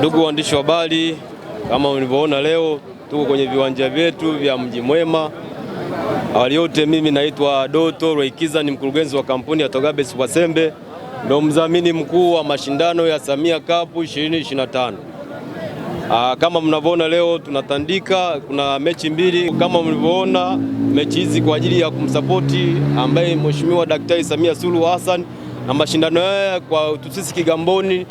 Ndugu waandishi wa habari, kama mlivyoona leo tuko kwenye viwanja vyetu vya Mji Mwema. Awali yote, mimi naitwa Doto Rweikiza, ni mkurugenzi wa kampuni ya Togabe Supasembe, ndio mdhamini mkuu wa mashindano ya Samia Cup 2025. Ah, kama mnavyoona leo tunatandika, kuna mechi mbili kama mlivyoona mechi hizi kwa ajili ya kumsapoti ambaye Mheshimiwa Daktari Samia Suluhu Hassan na mashindano haya kwa sisi Kigamboni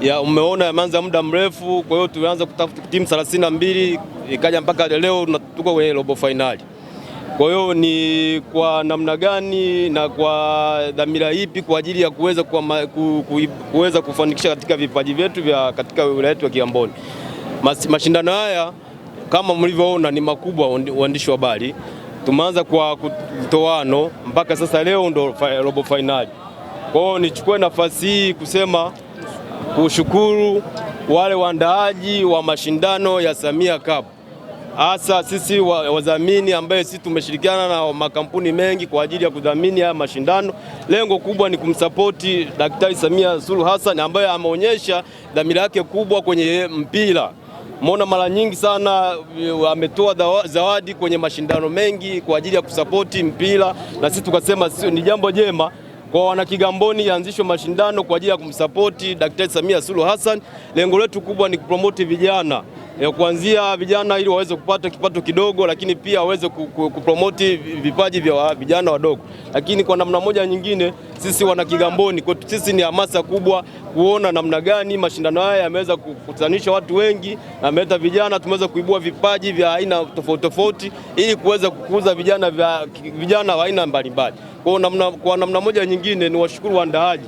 ya umeona yameanza muda mrefu, kwa hiyo tulianza kutafuta timu 32 ikaja mpaka leo tuko kwenye robo fainali. Kwa hiyo ni kwa namna gani na kwa dhamira ipi kwa ajili ya kuweza ku, kuweza kufanikisha katika vipaji vyetu vya katika wilaya yetu ya Kiamboni. Mas, mashindano haya kama mlivyoona ni makubwa, uandishi wa habari, tumeanza kwa kutoano mpaka sasa leo ndo robo fainali. Kwa hiyo nichukue nafasi hii kusema kushukuru wale waandaaji wa mashindano ya Samia Cup, hasa sisi wadhamini wa ambaye sisi tumeshirikiana na makampuni mengi kwa ajili ya kudhamini haya mashindano. Lengo kubwa ni kumsapoti Daktari Samia Suluhu Hassan ambaye ameonyesha dhamira yake kubwa kwenye mpira mona mara nyingi sana eh, ametoa zawadi kwenye mashindano mengi kwa ajili ya kusapoti mpira, na sisi tukasema ni jambo jema kwa wanakigamboni yaanzishwe mashindano kwa ajili ya kumsapoti Daktari Samia Suluhu Hassan. Lengo letu kubwa ni kupromoti vijana ya kuanzia vijana ili waweze kupata kipato kidogo, lakini pia waweze kupromoti vipaji vya vijana wadogo. Lakini kwa namna moja nyingine, sisi wana Kigamboni kwetu sisi ni hamasa kubwa kuona namna gani mashindano haya yameweza kukutanisha watu wengi na ameleta vijana, tumeweza kuibua vipaji vya aina tofauti tofauti ili kuweza kukuza vijana, vijana wa aina mbalimbali. Kwa namna, kwa namna moja nyingine ni washukuru waandaaji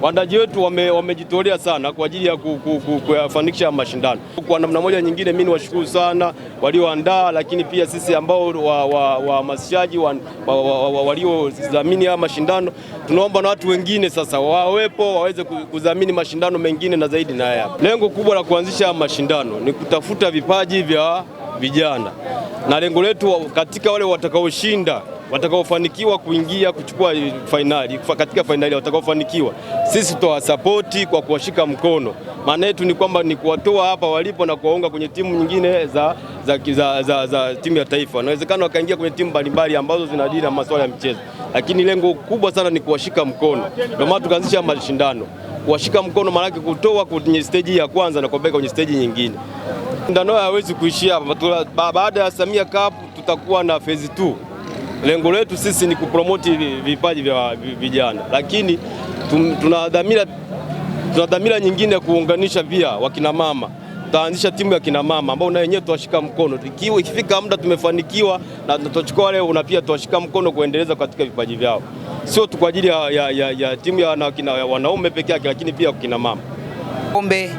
waandaji wetu wamejitolea wame sana kwa ajili ya kuyafanikisha mashindano. Kwa namna moja nyingine, mimi niwashukuru sana walioandaa, lakini pia sisi ambao wahamasishaji wa, wa, wa, wa, wa, waliodhamini haya mashindano, tunaomba na watu wengine sasa wawepo waweze kudhamini mashindano mengine na zaidi na haya. Lengo kubwa la kuanzisha haya mashindano ni kutafuta vipaji vya vijana na lengo letu katika wale watakaoshinda watakaofanikiwa kuingia kuchukua fainali, katika fainali watakaofanikiwa, sisi tutawasapoti kwa kuwashika mkono. Maana yetu ni kwamba ni kuwatoa hapa walipo na kuwaunga kwenye timu nyingine za, za, za, za, za timu ya taifa. Inawezekana wakaingia kwenye timu mbalimbali ambazo zinadili na masuala ya michezo, lakini lengo kubwa sana ni kuwashika mkono. Ndio maana tukaanzisha mashindano kuwashika mkono, maanake kutoa kwenye steji ya kwanza na kuwapeleka kwenye steji nyingine. Ndano haya hawezi kuishia hapa. Baada ya Samia Cup tutakuwa na phase 2 lengo letu sisi ni kupromoti vipaji vya vijana, lakini tuna dhamira nyingine ya kuunganisha pia wakinamama. Tutaanzisha timu ya kinamama ambao na wenyewe tuwashika mkono, ikifika muda tumefanikiwa na tutachukua leo na pia tuwashika mkono kuendeleza katika vipaji vyao, sio tu kwa ajili ya, ya, ya, ya timu ya, na, ya wanaume peke yake, lakini pia mama. Kombe,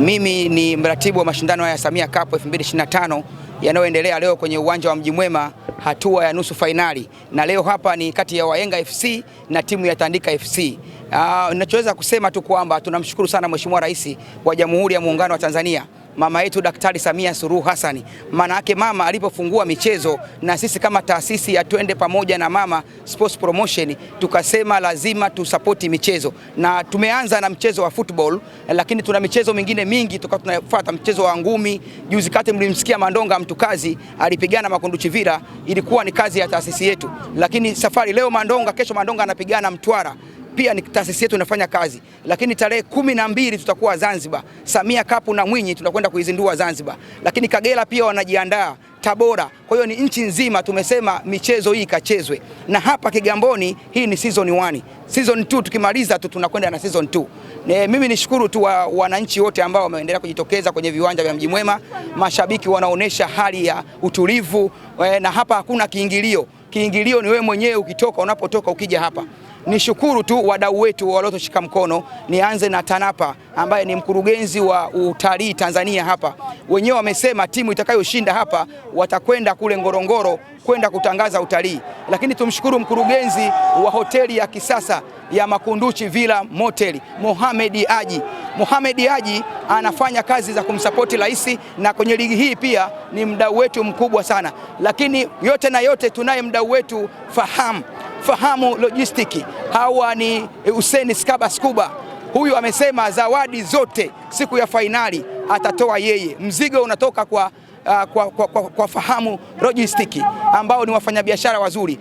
mimi ni mratibu wa mashindano ya Samia Cup 2025 yanayoendelea leo kwenye uwanja wa Mji Mwema hatua ya nusu fainali, na leo hapa ni kati ya Wayenga FC na timu ya Tandika FC. Ah, ninachoweza kusema tu kwamba tunamshukuru sana Mheshimiwa Rais wa Jamhuri ya Muungano wa Tanzania mama yetu Daktari Samia Suluhu Hassan. Maana yake mama alipofungua michezo, na sisi kama taasisi ya Twende Pamoja na Mama Sports Promotion tukasema lazima tusapoti michezo, na tumeanza na mchezo wa football, lakini tuna michezo mingine mingi, tuka tunafuata mchezo wa ngumi. Juzi kati mlimsikia Mandonga mtu kazi alipigana Makunduchivira, ilikuwa ni kazi ya taasisi yetu, lakini safari leo Mandonga, kesho Mandonga anapigana Mtwara pia ni taasisi yetu inafanya kazi, lakini tarehe kumi na mbili tutakuwa Zanzibar, Samia Kapu na Mwinyi tunakwenda kuizindua Zanzibar, lakini Kagera pia wanajiandaa Tabora. Kwa hiyo ni nchi nzima, tumesema michezo hii ikachezwe, na hapa Kigamboni hii ni season 1. Season 2 tukimaliza tu tunakwenda na season 2. Ne, mimi nishukuru tu wananchi wote ambao wameendelea kujitokeza kwenye viwanja vya Mji Mwema. Mashabiki wanaonyesha hali ya utulivu we, eh, na hapa hakuna kiingilio. Kiingilio ni wewe mwenyewe ukitoka, unapotoka ukija hapa. Ni shukuru tu wadau wetu waliotushika mkono. Nianze na TANAPA ambaye ni mkurugenzi wa utalii Tanzania hapa, wenyewe wamesema timu itakayoshinda hapa watakwenda kule Ngorongoro kwenda kutangaza utalii. Lakini tumshukuru mkurugenzi wa hoteli ya kisasa ya Makunduchi Villa Motel Mohamed Aji. Mohamed Aji anafanya kazi za kumsapoti rais na kwenye ligi hii pia ni mdau wetu mkubwa sana, lakini yote na yote tunaye mdau wetu Fahamu fahamu lojistiki. Hawa ni eh, Hussein Skaba Skuba, huyu amesema zawadi zote siku ya fainali atatoa yeye, mzigo unatoka kwa Uh, kwa, kwa, kwa, kwa Fahamu Lojistiki ambao ni wafanyabiashara wazuri.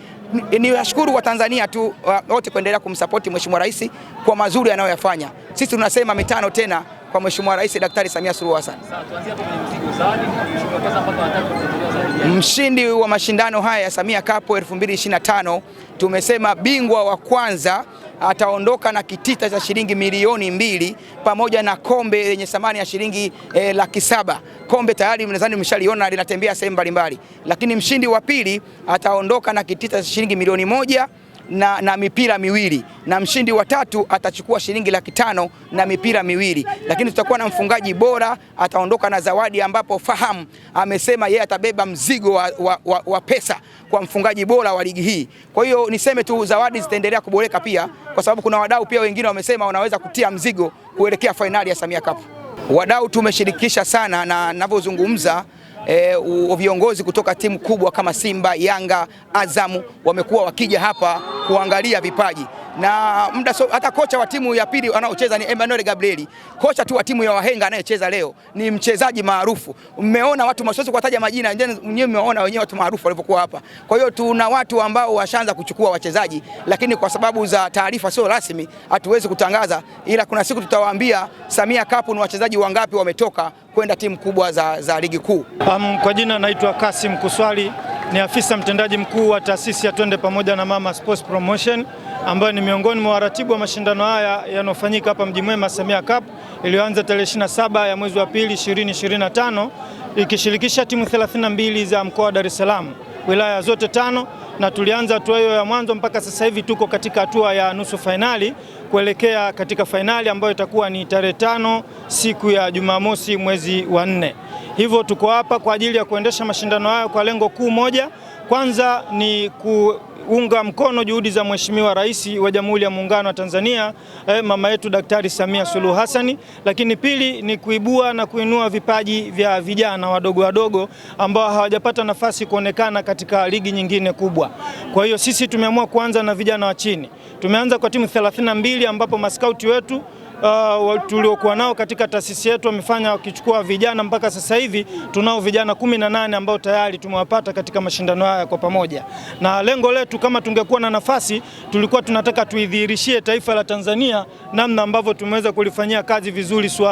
Niwashukuru Watanzania tu ah, wote uh, kuendelea kumsapoti Mheshimiwa Rais kwa mazuri anayoyafanya. Sisi tunasema mitano tena kwa Mheshimiwa Rais Daktari Samia Suluhu Hassan. Mshindi wa mashindano haya ya Samia Cup 2025 tumesema bingwa wa kwanza ataondoka na kitita cha shilingi milioni mbili pamoja na kombe lenye thamani ya shilingi e, laki saba. Kombe tayari nadhani mshaliona linatembea sehemu mbalimbali, lakini mshindi wa pili ataondoka na kitita cha shilingi milioni moja na, na mipira miwili na mshindi wa tatu atachukua shilingi laki tano na mipira miwili, lakini tutakuwa na mfungaji bora ataondoka na zawadi, ambapo Faham amesema yeye atabeba mzigo wa, wa, wa, wa pesa kwa mfungaji bora wa ligi hii. Kwa hiyo niseme tu zawadi zitaendelea kuboreka pia, kwa sababu kuna wadau pia wengine wamesema wanaweza kutia mzigo kuelekea fainali ya Samia Cup. Wadau tumeshirikisha sana na ninavyozungumza e, viongozi kutoka timu kubwa kama Simba, Yanga, Azamu wamekuwa wakija hapa kuangalia vipaji na muda so, hata kocha wa timu ya pili anaocheza ni Emmanuel Gabrieli, kocha tu wa timu ya Wahenga anayecheza leo ni mchezaji maarufu. Mmeona watu masiwezi kuwataja majina, mwenyewe mmeona wenyewe watu maarufu walivyokuwa hapa. Kwa hiyo tuna watu ambao washaanza kuchukua wachezaji, lakini kwa sababu za taarifa sio rasmi hatuwezi kutangaza, ila kuna siku tutawaambia Samia Cup ni wachezaji wangapi wametoka kwenda timu kubwa za, za ligi kuu. Um, kwa jina naitwa Kasim Kuswali ni afisa mtendaji mkuu wa taasisi ya Twende Pamoja na Mama Sports Promotion ambayo ni miongoni mwa waratibu wa mashindano haya yanayofanyika hapa Mji Mwema Samia Cup iliyoanza tarehe 27 ya mwezi wa pili 2025 ikishirikisha timu 32 za mkoa wa Dar es Salaam wilaya zote tano na tulianza hatua hiyo ya mwanzo mpaka sasa hivi tuko katika hatua ya nusu fainali kuelekea katika fainali ambayo itakuwa ni tarehe tano siku ya Jumamosi mwezi wa nne. Hivyo tuko hapa kwa ajili ya kuendesha mashindano hayo kwa lengo kuu moja, kwanza ni ku kuunga mkono juhudi za Mheshimiwa Rais wa Jamhuri ya Muungano wa Tanzania eh, mama yetu Daktari Samia Suluhu Hassan, lakini pili ni kuibua na kuinua vipaji vya vijana wadogo wadogo ambao hawajapata nafasi kuonekana katika ligi nyingine kubwa. Kwa hiyo sisi tumeamua kuanza na vijana wa chini. Tumeanza kwa timu 32 ambapo maskauti wetu uh, tuliokuwa nao katika taasisi yetu wamefanya wakichukua vijana mpaka sasa hivi tunao vijana kumi na nane ambao tayari tumewapata katika mashindano haya kwa pamoja, na lengo letu kama tungekuwa na nafasi, tulikuwa tunataka tuidhihirishie taifa la Tanzania namna ambavyo tumeweza kulifanyia kazi vizuri suala